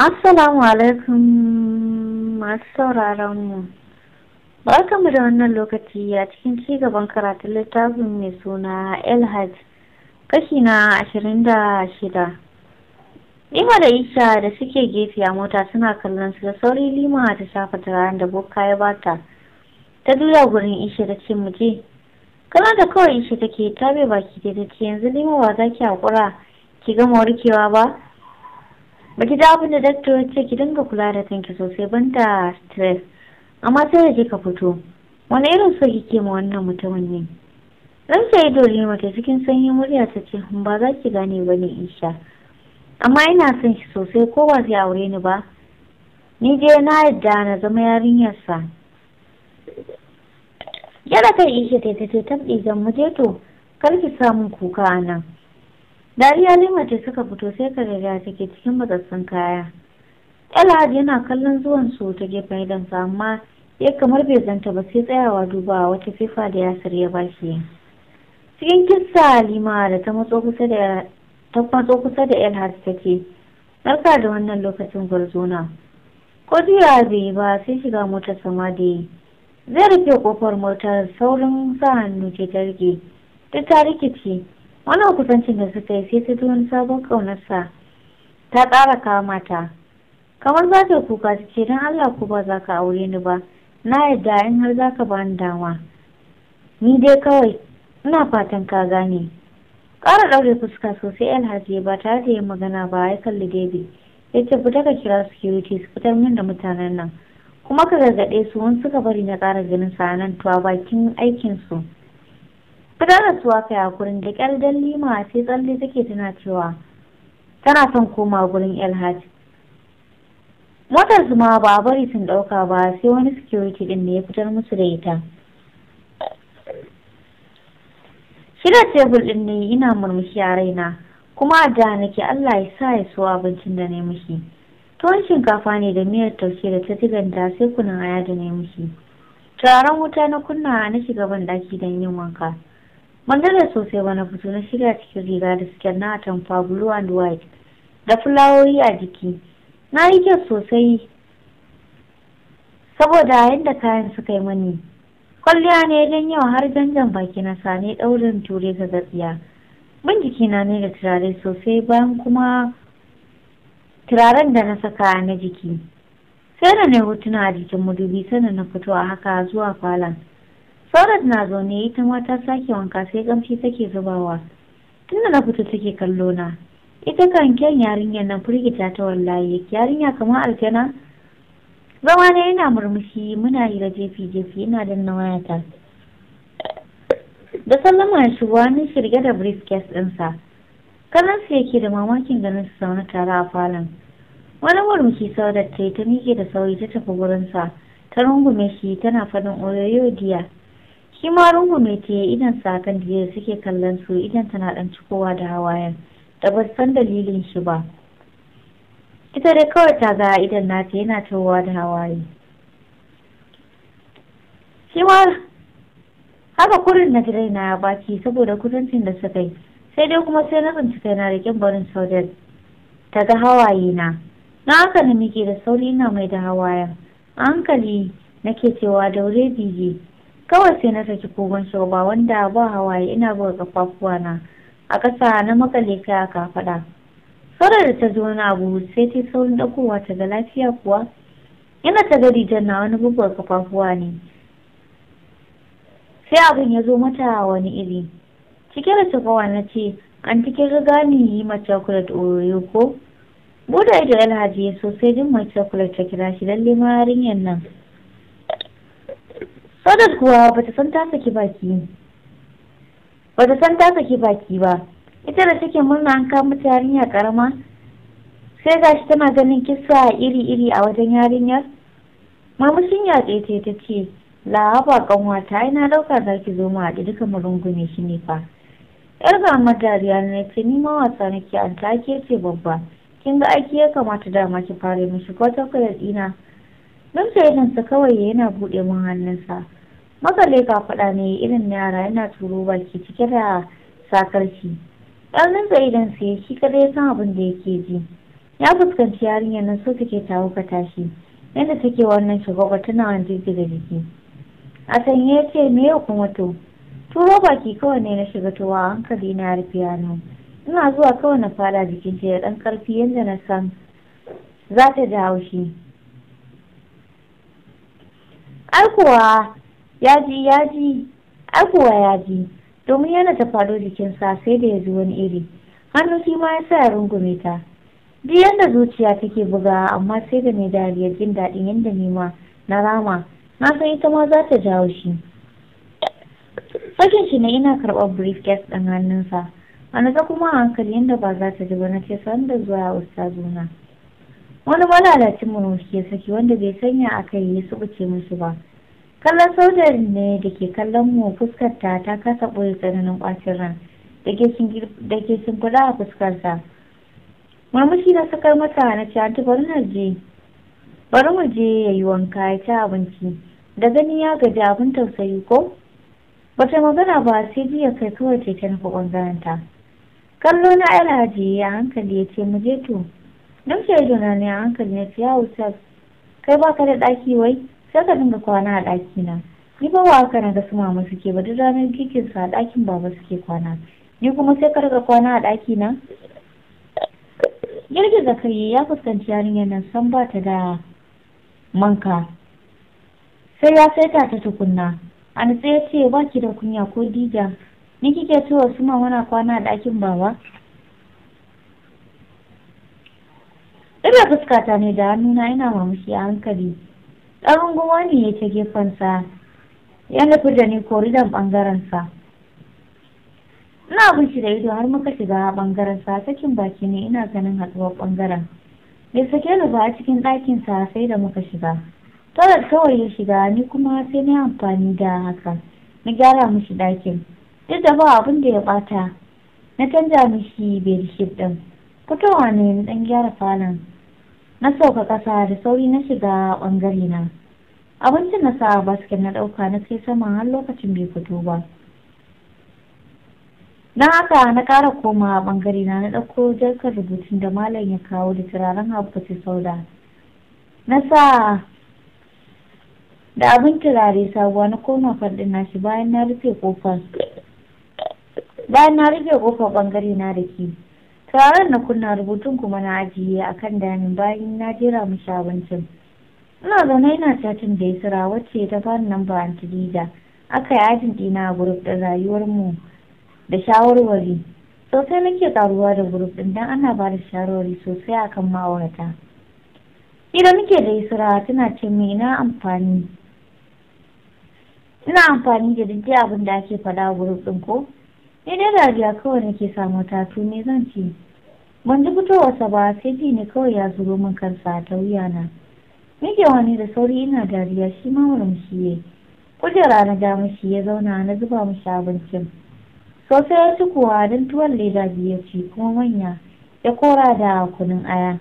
Assalamu alaikum masu sauraron mu. Barkamu da wannan lokaci a cikin ci gaban karatun littafin mai suna Elhaj kashi na ashirin da shida. Lima da Isha da suke gefe a mota suna kallon su da sauri Lima ta shafa turaren da boka ya bata. Ta duya gurin Isha da ce muje. Kana da kawai Isha take ta bai baki da ta ce yanzu Lima ba za ki haƙura ki gama warkewa ba. ba ki ji abin da daktar ce ki dinga kula da kanki sosai ban da stress amma sai da ka fito wani irin so kike ma wannan mutumin ne ran sai dole mata cikin sanyin murya ta ce hmm, ba za ki gane ba ne insha amma ina son shi sosai ko ba zai aure ni ba ni je na yadda na zama yarinyarsa yara kai ishe ta ta ce tabbi zan mu je to kar ki samu kuka a nan dariya ta suka fito sai ka ta take cikin matsatsin kaya elhad yana kallon zuwan su ta gefen idansa amma ya kamar bai zanta ba sai tsayawa duba wata fifa da yasir ya bashi cikin kisa lima da ta matso kusa da ta matso kusa da take barka da wannan lokacin gwarzona ko jiya bai yi ba sai shiga motar sama da yi zai rufe kofar motar saurin sa hannu ce ta rike ta ta rikice wannan kusancin da suka yi sai ta ji wani sabon ƙaunarsa ta ƙara kama ta kamar za ta kuka ta ce don allah ku ba za ka aure ni ba na yarda in har za ka bani dama ni dai kawai ina fatan ka gane ƙara ɗaure fuska sosai alhaji ba tare da yin magana ba ya kalli david ya ce fita ka kira security su fitar min da mutanen nan kuma ka gargaɗe su wani suka bari na ƙara ganin sa nan to bakin aikinsu Fitar da suwa kai a gurin da ƙyar lima sai tsalle take tana cewa tana son koma gurin elhaji Motar su ma ba bari sun ɗauka ba sai wani security ɗin ne ya fitar musu da ita. shida tebul din ne ina murmushi a raina kuma a da nake Allah ya sa ya so abincin da na mishi. Tuwon shinkafa ne da miyar taushe da ta tiganta sai kunan aya da na mishi. Turaren wuta na kunna na shiga ban daki don yin wanka. mandala sosai wani fito na shirya cikin riga da suke na atamfa blue and white da fulawoyi a jiki. Na yi kyau sosai saboda yadda kayan suka yi mani. Kwalliya ne don yau har janjan baki na sane ɗaurin ture ga gatsiya. Bin na ne da turare sosai bayan kuma turaren da na saka na jiki. Sai da na hotuna a jikin madubi sannan na fito a haka zuwa falon. Saurat na zaune ita ma ta sake wanka sai gamshi take zubawa. Tunda na fito take kallo na. Ita kan kyan yarinyar nan firgita ta wallahi yarinya kamar aljana. Zama na yana murmushi muna hira jefi jefi yana na wayata. Da sallama shi ni shirge da briskes ɗinsa. ya yake da mamakin ganin su zaune tare a falon. Wani murmushi saurat ta yi ta miƙe da sauri ta tafi gurinsa. ta rungume shi tana faɗin oyoyo diya shi ma rungu ta yi idan sa da da suke kallon su idan tana dan cikowa da hawayen da ba san dalilin shi ba ita dai kawai ta ga idan nata yana cikowa da hawaye shi ma haka kurin na gidai na baki saboda kudancin da suka yi sai dai kuma sai na bincika yana da kyan barin saudar ta ga hawaye na na haka na mike da sauri na mai da hawayen hankali nake cewa daure bige kawai sai na saki kogon shagwa wanda ba hawaye ina buga kafafuwa na a ƙasa na makale kai a kafaɗa sarar da ta zo na abu sai ta saurin ɗaukowa ta ga lafiya kuwa ina ta gadi jan na wani bubuwar kafafuwa ne sai abin ya zo mata wani iri cike da tafawa na ce an cikin riga ni yi ma chocolate oyo ko buɗe ido alhaji sosai jin mai chocolate ta kira shi lalle ma yarinyar nan Sadat kuwa bata san ta saki baki bata san ta saki baki ba ita da take murna an kama mata yarinya karama sai gashi tana ganin kisa iri-iri a wajen yarinyar mamushin ya tsaye ta ce lahaba kanwata ina na dauka za ki zo mu haɗu duka mu rungume shi ne fa yar ga amma dariya na ce ni ma wasa nake an take ce babba kin ga aiki ya kamata dama ki fara mishi ko ta kwayar ɗina Nan ta yi kawai yana buɗe mun hannunsa ka kafaɗa ne irin yara yana turo baki cike da sakarci ƙarnin zaidan sai shi kadai san abin da yake ji ya fuskanci yarinyar nan so take tawo ka tashi yadda take wannan ba tana wani da jiki a sanye ya ce me yau kuma to turo baki kawai ne na shiga towa hankali na rufe yano ina zuwa kawai na fara jikin ta da ɗan ƙarfi yadda na san za ta ji haushi ai kuwa yaji yaji ya yaji domin yana ta faɗo jikinsa sai da ya ji wani iri hannu shi ma ya sa ya rungume ta duk yadda zuciya take bugawa amma sai da mai dariya jin daɗin yadda nema na rama na san ita ma za ta jawo shi sakin shi ne ina karɓar briefcase ɗin hannunsa a naza kuma a hankali yadda ba za ta ji ba na ce san da zuwa zuna. wani malalacin murmushi ya saki wanda bai sanya a kai ya subuce musu ba kallon sojan ne da ke kallon mu fuskar ta ta kasa ɓoye tsananin ƙwacin ran da ke sun kula a fuskarsa murmushi na sakar mata na ce an bari na je bari mu je ya yi wanka ya ci abinci da gani ya gaji abin tausayi ko bata magana ba sai jiya kai kawai ce ta nufa ɓangaren ta kallo na alhaji a hankali ya ce mu je to don shaidu na ne a hankali na ce ya wuce kai ka da ɗaki wai sai ka dinga kwana a ɗaki na ni ba wa haka na ga su mama suke ba duk ranar girkin su a ɗakin baba suke kwana ni kuma sai ka riga kwana a ɗaki na da kai ya fuskanci yarinyar nan san ba ta da manka sai ya saita ta tukunna a nutse ya ce ba ki da kunya ko dija ni kike cewa su ma na kwana a ɗakin baba ina fuskata ne da hannuna ina mamaki a hankali ɗan gowa ne ya ce gefensa ya nufi da ni koridan ɓangarensa ina bin shi da ido har muka shiga ɓangarensa sakin baki ne ina ganin haɗuwar ɓangaren bai sake ni ba a cikin ɗakinsa sai da muka shiga toilet kawai ya shiga ni kuma sai na amfani da haka na gyara mishi ɗakin duk da ba abin da ya ɓata na canja mishi bedshit ɗin fitowa ne na ɗan gyara falon na sauka ƙasa da sauri na shiga ɓangare na abincin na sa basket na ɗauka na sai sama har lokacin bai fito ba don haka na ƙara koma ɓangare na na ɗauko jarkar rubutun da malam ya kawo da turaren sau da na sa da abin turare sabuwa na koma faɗin nashi bayan na rufe ƙofar bayan na rufe ƙofar ɓangare na da ke taron na kunna rubutun kuma na ajiye a kan damin bayan na jera mu shabancin ina zaune ina chatin da yasira wacce ta fara nan ba aka yi ajin ɗina a gurup da rayuwar da shawarwari sosai nake karuwa da gurup ɗin dan ana ba da shawarwari sosai akan ma'aurata idan muke da yasira tana ce me ina amfani ina amfani da duk abin da ake faɗa a gurup ɗin ko ni dai dariya kawai nake samu tatu ne zan ci. ban ji fitowarsa ba sai ji ne kawai ya zuro min kansa ta wuya na ne da sauri ina dariya shi ma murmushi ya kujera na ja mishi ya zauna na zuba mishi abincin sosai ya ci kuwa don tuwon leda biyu ya ci kuma manya ya kora da kunin aya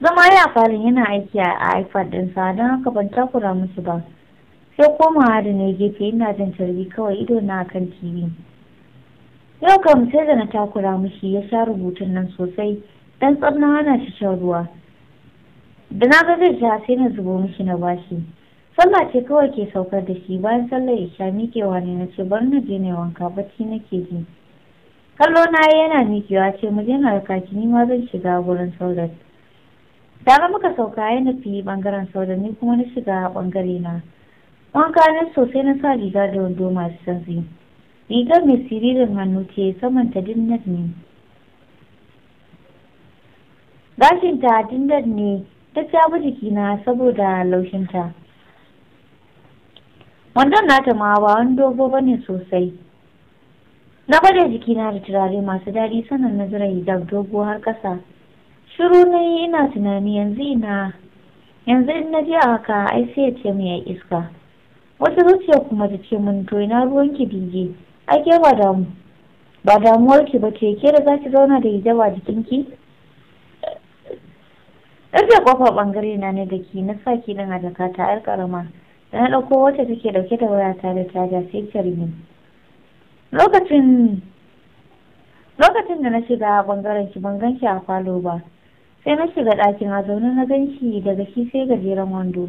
zama ya falin yana aiki a ipad ɗinsa don haka ban takura musu ba sai komawa da na gefe ina jin tarbi kawai ido na kan tv yau kam sai da na takura mishi ya sha rubutun nan sosai dan tsabna hana shi shan ruwa da na ga zai sha sai na zubo mushi na bashi sallah ce kawai ke saukar da shi bayan sallar isha miƙewa ne na ce bar na je na wanka bacci nake ji kallo na yi yana miƙewa ce mu je na raka ki ni ma zan shiga gurin saudat tare muka sauka ya nufi bangaren saudat ni kuma na shiga bangare na Mun gane sosai na sa riga da wando masu santsi rigar mai siririn hannu ce saman ta dindar ne gashin ta dindar ne ta jabo jikina saboda laushinta wandon nata ma ba wani dogo ne sosai na bada jikina da turare masu daɗi sanar na zira da dogo har ƙasa shiru na yi ina tunani yanzu ina yanzu in na ji a haka ai sai ya ce mu ya iska wata zuciya kuma ta ce mun to ina ki bige ai ke ba damu ba damuwarki ba ce ke da za ki zauna da hijaba jikinki ɗarfe ƙofa ɓangare na ne da ki na sa ki ɗin a jakata ƙarama da na ɗauko wacce take ɗauke da wayata da caja sai rini lokacin lokacin da na shiga ɓangaren ki ban gan ki a falo ba sai na shiga ɗakin a zaune na gan ki, daga shi sai gajeren wando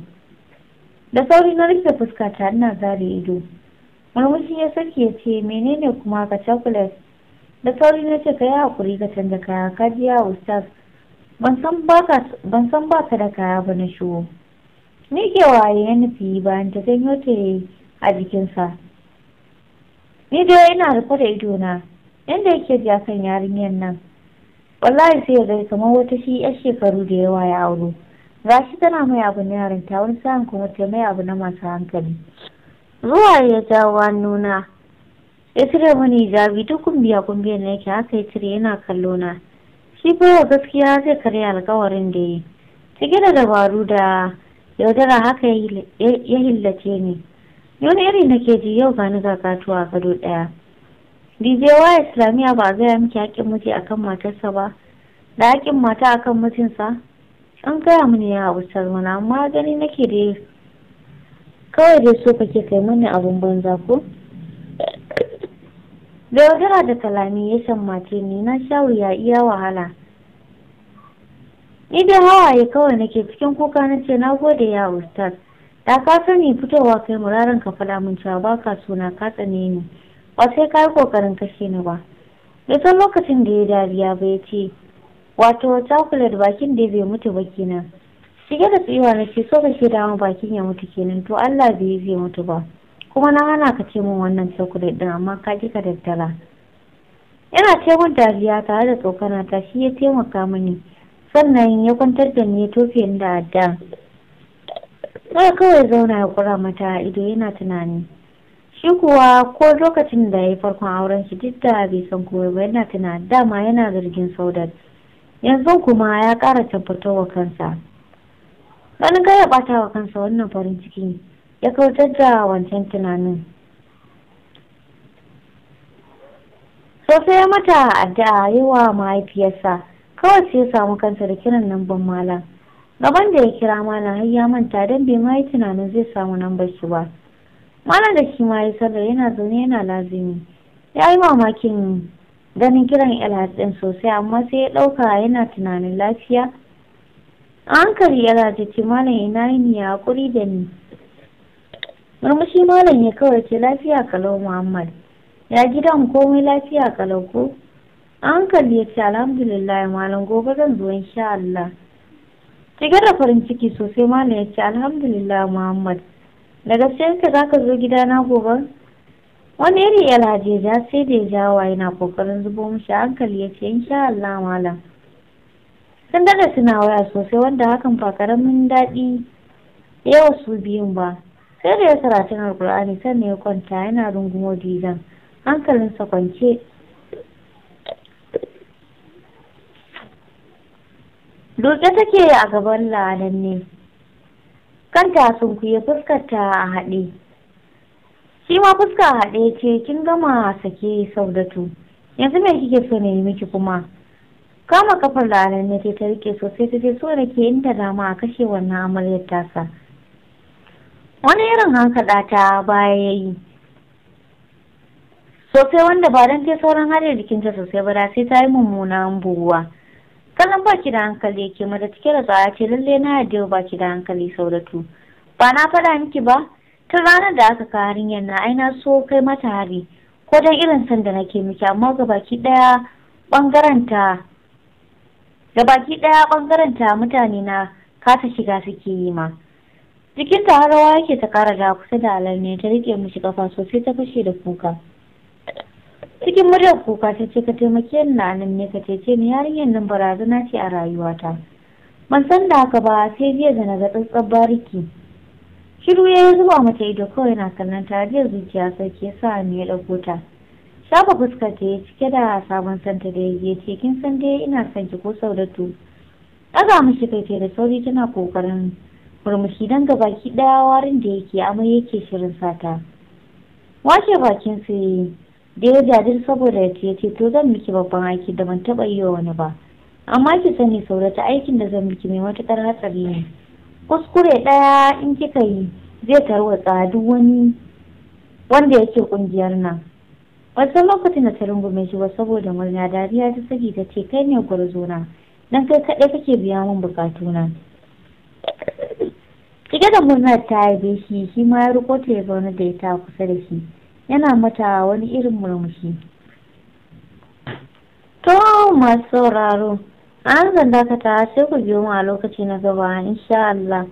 da sauri na rufe ta ina zare ido murmushi ya saki ya ce menene kuma ka chocolate da sauri na ce ka yi hakuri ka canza kaya ka ji ya ustaz ban san ba ka da kaya ba na shigo ni ke waye ya nufi bayan ta janyo ta a jikinsa ni dai yana rufe da na yadda yake ji akan yarinyar nan wallahi sai ya kamar wata shi 'yar shekaru da yawa ya auro gashi tana mai abu na yarinta wani sa'in kuma ta mai abu na masu hankali zuwa ya jawo nuna ya cire mani jabi, duk kumbiya kumbiyar na yake haka ya cire yana kallo na shi bawa gaskiya zai karya alkawarin da yi cike da dabaru da yaudara haka ya hillace ni irin iri ke ji yau gani ga katuwa gado ɗaya dijewa islamiyya ba zai gaya miki haƙƙin miji akan matarsa ba da haƙƙin mata akan mijinsa an gaya mini ya hausar mana amma gani nake da kawai dai so kake kai mani abun banza ko da da kalami ya shammace ni na sha wuya iya wahala ni da hawaye kawai nake cikin kuka na ce na gode ya ustaz da ka sani fitowa kai muraren ka faɗa min cewa ba ka suna ka tsane ni ba sai ka yi ƙoƙarin kashe ni ba da san lokacin da ya dariya ba ya ce wato chocolate bakin da bai mutu ba kenan shige da tsiwa na ce so kake dama bakin ya mutu kenan to Allah bai zai mutu ba kuma na hana ka ce min wannan chocolate din amma ka ji ka daddara yana ce mun dariya tare da tsokana ta shi ya taimaka mini sannan ya kwantar da ni ya tofe da adda na kawai zauna ya kura mata ido yana tunani shi kuwa ko lokacin da ya yi farkon auren shi duk da bai san komai ba yana tunani dama yana zargin saudat yanzu kuma ya ƙara wa kansa Wani kai ya ɓata wa kansa wannan farin ciki ya kautar da wancan tunanin sosai ya mata addu'a yi wa mahaifiyarsa kawai sai ya samu kansa da kiran lambar malam gaban da ya kira mana har ya manta don bai ma yi tunanin zai samu lambar shi ba malam da shi ma ya sallar yana zaune yana lazimi ya yi mamakin ganin kiran Elhad din sosai amma sai ya ɗauka yana tunanin lafiya. A hankali Elhad ya ce malam nayi ni ya haƙuri da ni. Murmushi malam ya kawai ce lafiya kalau Muhammad. Ya gidan komai lafiya kalau ko? A hankali ya ce alhamdulillah malam gobe zan zo insha Allah. Cike da farin ciki sosai malam ya ce alhamdulillah Muhammad. Da gaske ka za ka zo gidana gobe? wani iri alhajeja sai da ya jawa yana kokarin zubo mashi, hankali ya ce insha Allah malam sun dada suna waya sosai wanda hakan ba karamin daɗi yau su biyun ba sai da ya saratin alkur'ani sannan ya kwanta yana rungumo dizan hankalinsa kwance Doke take a gaban la'adan ne kanta sun kuye fuskarta a haɗe shi ma fuska haɗe ce kin gama sake saudatu yanzu me kike so ne miki kuma kama kafar da anan ce ta rike sosai ta ce so da ke inda dama a kashe wannan amaryar tasa wani irin hankaɗa ta baya ya yi sosai wanda ba don ta sauran hada jikinta sosai ba da sai ta yi mummunan buwa kallon baki da hankali yake mada cike da tsaya ce lalle na ba baki da hankali saudatu ba na faɗa miki ba tun ranar da aka kawo hanyar na aina so kai mata hari ko dan irin sanda nake miki amma ga baki daya bangaren ta ga mutane na kasa shiga suke yi ma jikinta har rawa yake ta kara da kusa da ne, ta rike mishi kafa sosai ta fashe da kuka cikin muryar kuka ta ce ka taimake ni na nan ne ka cece ni yarinyar nan barazana ce a rayuwata ban san da haka ba sai jiya da na ga tsatsar bariki shiru ya yi zuba mata ido kawai na kallon ta jiya zuciya sarki ke sa ne ya ɗauko ta shafa fuskar ta ya cike da sabon santa da ya ce kin san dai ina son ki ko saudatu ɗaga mishi kai da sauri tana kokarin murmushi don ki ɗaya warin da yake amai yake shirin sata washe bakin su da ya jajir saboda ya ce ce to zan miki babban aiki da ban taɓa yi wa wani ba amma ki sani saurata aikin da zan miki mai matuƙar hatsari ne kuskure ɗaya in kika yi zai tarwatsa duk wani wanda yake ƙungiyar nan wasu lokacin da ta rungume shi ba saboda murna dariya ta saki ta ce kai ne gwarzona dan kai kaɗai kake biya min na. cike da murnar ta haife shi shi ma ya riko ta ya wani da ita kusa da shi yana mata wani irin murmushi to masu sauraro an zan dakata sai ku biyo mu a lokaci na gaba insha Allah